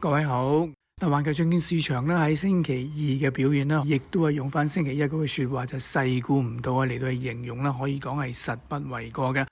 各位好，嗱環球證券市場咧喺星期二嘅表現咧，亦都係用翻星期一嗰句說話就細估唔到啊嚟到去形容啦，可以講係實不為過嘅。咁、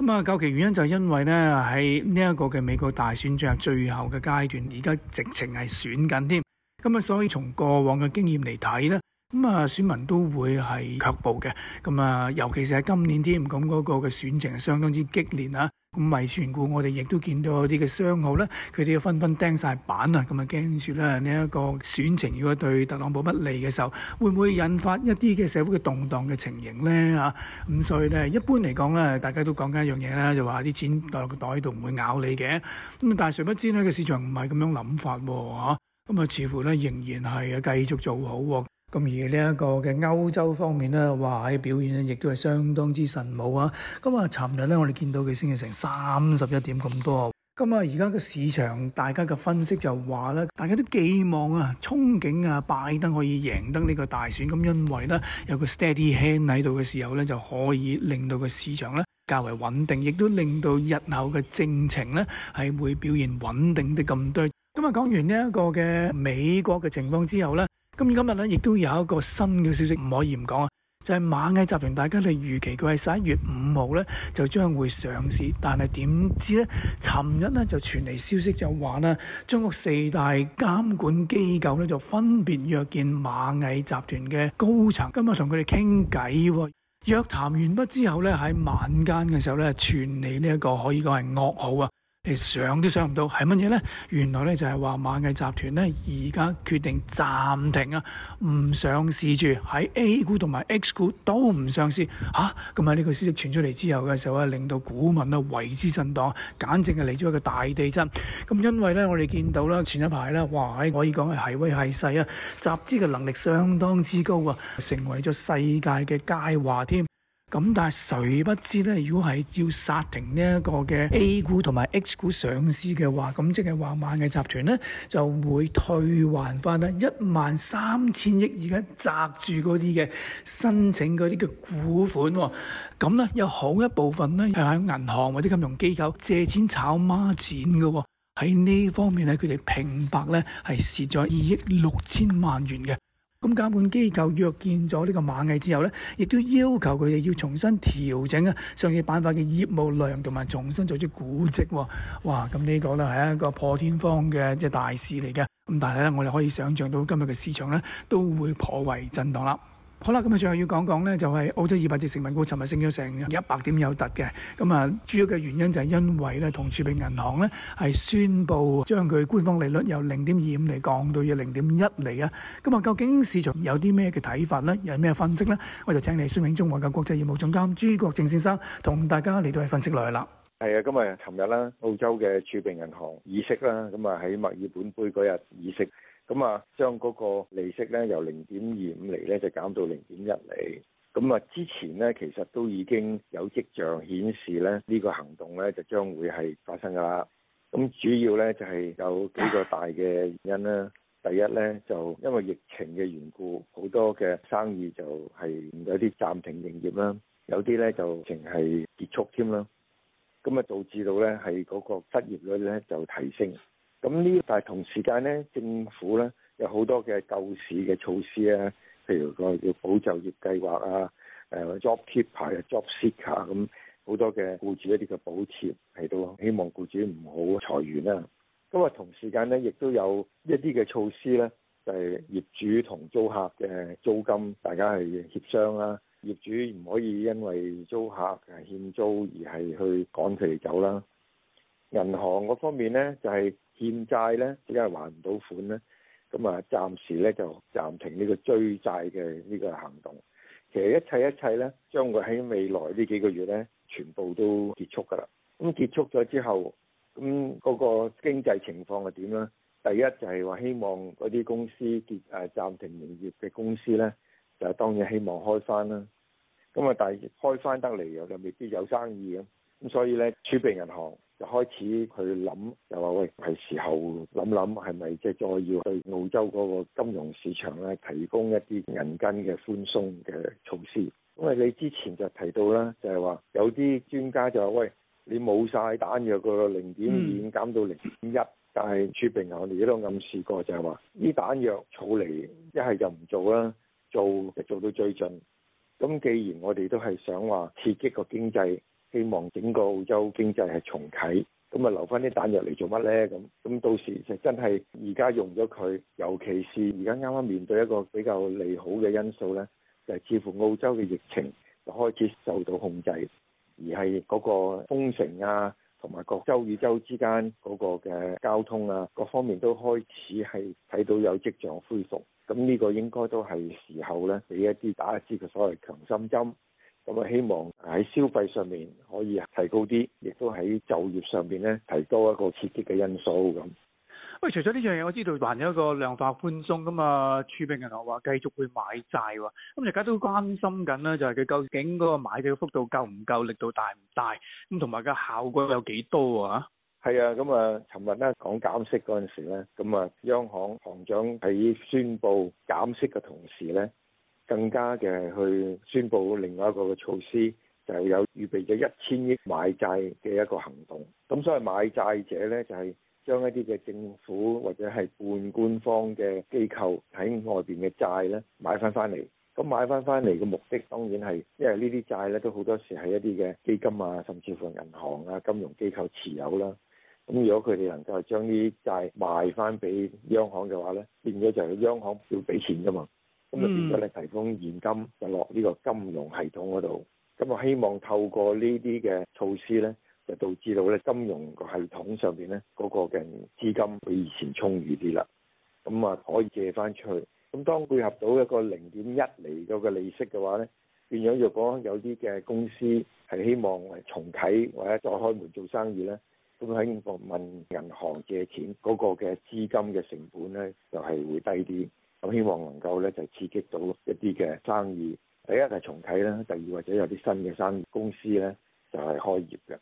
嗯、啊，究其原因就係因為咧喺呢一個嘅美國大選進入最後嘅階段，而家直情係選緊添。咁、嗯、啊，所以從過往嘅經驗嚟睇咧。咁啊、嗯，選民都會係卻步嘅，咁、嗯、啊，尤其是喺今年添，咁、嗯、嗰、那個嘅選情係相當之激烈啊。咁未全股，我哋亦都見到有啲嘅商號咧，佢哋紛紛釘晒板啊，咁啊驚住啦，呢一、這個選情如果對特朗普不利嘅時候，會唔會引發一啲嘅社會嘅動蕩嘅情形咧？吓、啊、咁、嗯、所以咧，一般嚟講咧，大家都講緊一樣嘢啦，就話啲錢袋落個袋度唔會咬你嘅。咁、嗯、但係誰不知呢個市場唔係咁樣諗法、哦，吓咁啊、嗯，似乎咧仍然係繼續做好、哦。咁而呢一個嘅歐洲方面呢，哇喺表現呢亦都係相當之神武啊！咁、嗯、啊，尋日呢我哋見到佢升咗成三十一點咁多。咁、嗯、啊，而家嘅市場，大家嘅分析就話呢，大家都寄望啊、憧憬啊，拜登可以贏得呢個大選，咁、嗯、因為呢，有個 steady hand 喺度嘅時候呢，就可以令到個市場呢較為穩定，亦都令到日後嘅政情呢係會表現穩定的咁多。咁、嗯、啊，講、嗯、完呢一個嘅美國嘅情況之後呢。今日今日咧，亦都有一個新嘅消息，唔可以唔講啊！就係螞蟻集團，大家哋預期佢係十一月五號咧，就將會上市，但係點知咧，尋日咧就傳嚟消息就話咧，中國四大監管機構咧就分別約見螞蟻集團嘅高層，今日同佢哋傾偈，約談完畢之後咧，喺晚間嘅時候咧，傳嚟呢一個可以講係噩耗啊！你想都想唔到係乜嘢呢？原來咧就係話螞蟻集團咧而家決定暫停啊，唔上市住，喺 A 股同埋 X 股都唔上市吓。咁啊呢，這個消息傳出嚟之後嘅時候啊，令到股民啊為之震盪，簡直係嚟咗一個大地震。咁、嗯、因為咧，我哋見到啦，前一排咧，哇，可以講係係威係勢啊，集資嘅能力相當之高啊，成為咗世界嘅佳話添。咁但係誰不知咧？如果係要殺停呢一個嘅 A 股同埋 H 股上市嘅話，咁即係話螞蟻集團咧就會退還翻咧一萬三千億，而家揸住嗰啲嘅申請嗰啲嘅股款哦。咁咧有好一部分咧係喺銀行或者金融機構借錢炒孖展嘅喎。喺呢方面咧，佢哋平白咧係蝕咗二億六千萬元嘅。咁監管機構約見咗呢個螞蟻之後呢，亦都要求佢哋要重新調整啊，上市板塊嘅業務量同埋重新做啲估值。哇！咁呢個呢，係一個破天荒嘅一大事嚟嘅。咁但係咧，我哋可以想象到今日嘅市場咧都會頗為震盪啦。好啦，咁啊，最後要講講咧，就係澳洲二百隻成分股，尋日升咗成一百點有突嘅。咁啊，主要嘅原因就係因為咧，同儲備銀行咧係宣布將佢官方利率由零點二五釐降到要零點一釐啊。咁啊，究竟市場有啲咩嘅睇法咧？有咩分析咧？我就請嚟孫永忠華嘅國際業務總監朱國正先生同大家嚟到嚟分析嚟啦。係啊，今日尋日啦，澳洲嘅儲備銀行議息啦，咁啊喺墨爾本杯嗰日議息。咁啊，將嗰個利息咧由零點二五厘咧就減到零點一厘。咁啊，之前咧其實都已經有跡象顯示咧，呢個行動咧就將會係發生㗎啦。咁主要咧就係有幾個大嘅原因啦。第一咧就因為疫情嘅緣故，好多嘅生意就係有啲暫停營業啦，有啲咧就淨係結束添啦。咁啊，導致到咧係嗰個失業率咧就提升。咁呢？但係同時間呢，政府呢有好多嘅救市嘅措施啊，譬如個叫保就業計劃啊，誒、呃、jobkeeper、啊、jobseeker 咁、啊、好多嘅雇主一啲嘅補貼，係到希望雇主唔好裁員啦。咁啊，同時間呢，亦都有一啲嘅措施呢就係、是、業主同租客嘅租金大家係協商啦、啊，業主唔可以因為租客係欠租而係去趕佢哋走啦、啊。銀行嗰方面呢，就係欠債呢，而家係還唔到款呢。咁啊，暫時呢，就暫停呢個追債嘅呢個行動。其實一切一切呢，將會喺未來呢幾個月呢，全部都結束噶啦。咁結束咗之後，咁嗰個經濟情況係點呢？第一就係話希望嗰啲公司結誒暫停營業嘅公司呢，就當然希望開翻啦。咁啊，但係開翻得嚟，又未必有生意咁。咁所以咧，儲備銀行就開始去諗，就話喂，係時候諗諗係咪即係再要去澳洲嗰個金融市場咧提供一啲銀根嘅寬鬆嘅措施。因為你之前就提到啦，就係話有啲專家就話喂，你冇晒彈藥，個零點五減到零點一，但係儲備銀行而家都暗示過就係話呢，彈藥儲嚟，一係就唔做啦，做就做到最盡。咁既然我哋都係想話刺激個經濟。希望整個澳洲經濟係重啟，咁啊留翻啲彈藥嚟做乜呢？咁咁到時就真係而家用咗佢，尤其是而家啱啱面對一個比較利好嘅因素呢，就係、是、似乎澳洲嘅疫情就開始受到控制，而係嗰個封城啊，同埋各州與州之間嗰個嘅交通啊，各方面都開始係睇到有跡象恢復，咁呢個應該都係時候呢，俾一啲打一啲嘅所謂強心針。咁啊，希望喺消費上面可以提高啲，亦都喺就業上面咧，提高一個刺激嘅因素咁。喂、哎，除咗呢樣嘢，我知道還有一個量化寬鬆咁、嗯、啊，儲備銀行話繼續去買債喎。咁大家都關心緊啦，就係佢究竟嗰個買嘅幅度夠唔夠，力度大唔大？咁同埋個效果有幾多啊？係啊，咁、嗯、啊，尋日咧講減息嗰陣時咧，咁、嗯、啊，央行行長喺宣布減息嘅同時咧。更加嘅去宣布另外一個嘅措施，就係有預備咗一千億買債嘅一個行動。咁所謂買債者呢，就係將一啲嘅政府或者係半官方嘅機構喺外邊嘅債呢買翻翻嚟。咁買翻翻嚟嘅目的，當然係因為呢啲債呢都好多時係一啲嘅基金啊，甚至乎銀行啊、金融機構持有啦。咁如果佢哋能夠將呢啲債賣翻俾央行嘅話呢，變咗就係央行要俾錢㗎嘛。咁啊，變咗你提供現金就落呢個金融系統嗰度。咁啊，希望透過呢啲嘅措施咧，就導致到咧金融個系統上邊咧嗰個嘅資金比以前充裕啲啦。咁啊，可以借翻出去。咁當配合到一個零點一厘嗰個利息嘅話咧，變咗若果有啲嘅公司係希望係重啓或者再開門做生意咧，咁喺問銀行借錢嗰個嘅資金嘅成本咧，就係會低啲。咁希望能夠咧就刺激到一啲嘅生意，第一就重啟啦，第二或者有啲新嘅生意公司咧就係開業嘅，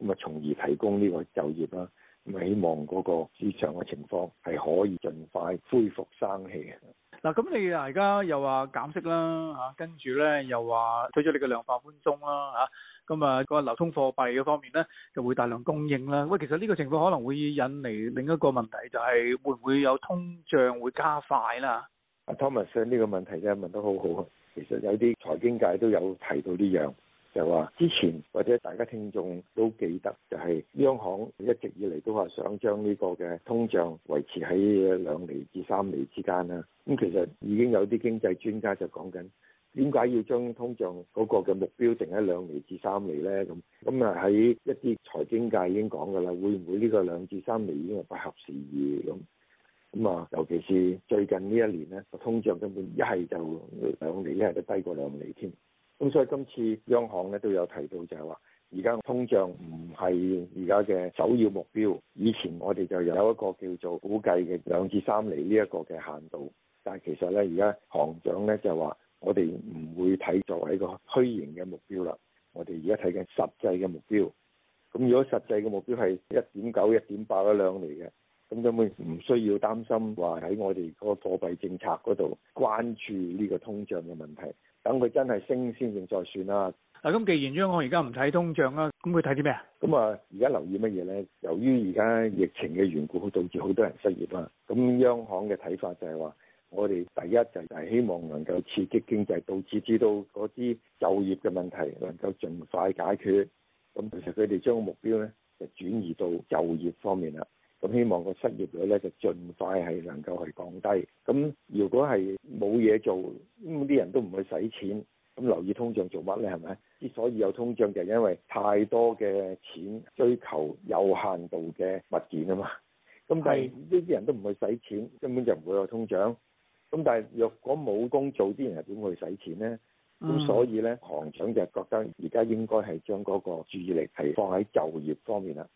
咁啊從而提供呢個就業啦，咁希望嗰個市場嘅情況，係可以盡快恢復生氣嘅。嗱，咁、啊、你而家又話減息啦，嚇、啊，跟住咧又話推咗你個量化寬鬆啦，嚇、啊，咁、那、啊個流通貨幣嗰方面咧就會大量供應啦。喂，其實呢個情況可能會引嚟另一個問題，就係、是、會唔會有通脹會加快啦？阿、啊、Thomas 呢個問題真係問得好好啊，其實有啲財經界都有提到呢、這、樣、個。就話之前或者大家聽眾都記得，就係央行一直以嚟都話想將呢個嘅通脹維持喺兩厘至三厘之間啦。咁、嗯、其實已經有啲經濟專家就講緊，點解要將通脹嗰個嘅目標定喺兩厘至三厘呢？咁咁啊喺一啲財經界已經講噶啦，會唔會呢個兩至三厘已經係不合時宜咁？咁啊，尤其是最近呢一年咧，通脹根本一係就兩厘，一係都低過兩厘添。咁所以今次央行咧都有提到，就係話而家通脹唔係而家嘅首要目標。以前我哋就有一個叫做估計嘅兩至三厘呢一個嘅限度，但係其實咧，而家行長咧就話，我哋唔會睇作為一個虛擬嘅目標啦。我哋而家睇緊實際嘅目標。咁如果實際嘅目標係一點九、一點八一兩厘嘅，咁根本唔需要擔心話喺我哋嗰個貨幣政策嗰度關注呢個通脹嘅問題。等佢真係升先，再算啦。嗱，咁既然央行而家唔睇通脹啦，咁佢睇啲咩啊？咁啊，而家留意乜嘢呢？由於而家疫情嘅緣故，導致好多人失業啦。咁央行嘅睇法就係話，我哋第一就係希望能夠刺激經濟，導致知道嗰啲就業嘅問題能夠盡快解決。咁其實佢哋將目標呢，就轉移到就業方面啦。咁希望個失業率咧就盡快係能夠係降低。咁如果係冇嘢做，咁啲人都唔會使錢。咁留意通脹做乜呢？係咪？之所以有通脹，就係因為太多嘅錢追求有限度嘅物件啊嘛。咁但係呢啲人都唔去使錢，是根本就唔會有通脹。咁但係若果冇工做，啲人係點去使錢呢？咁、嗯、所以呢，行長就覺得而家應該係將嗰個注意力係放喺就業方面啦。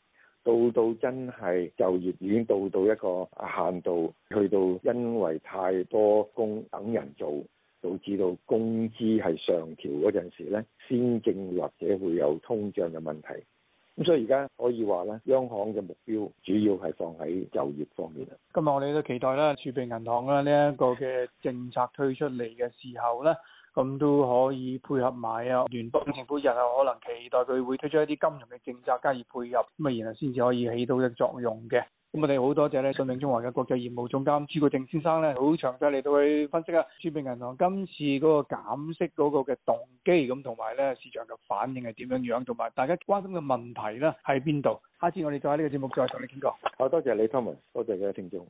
到到真係就業已經到到一個限度，去到因為太多工等人做，導致到工資係上調嗰陣時咧，先正或者會有通脹嘅問題，咁所以而家可以話咧，央行嘅目標主要係放喺就業方面啊。今日我哋都期待啦，儲備銀行啦呢一個嘅政策推出嚟嘅時候咧。咁都可以配合埋啊，原本前半日啊，可能期待佢會推出一啲金融嘅政策加以配合，咁啊，然後先至可以起到一作用嘅。咁我哋好多謝咧，信明中華嘅國際業務總監朱國正先生咧，好詳細嚟到去分析啊，中平銀行今次嗰個減息嗰個嘅動機咁，同埋咧市場嘅反應係點樣樣，同埋大家關心嘅問題咧喺邊度？下次我哋再喺呢個節目再同你傾過。好多謝李科文，Thomas. 多謝嘅聽眾。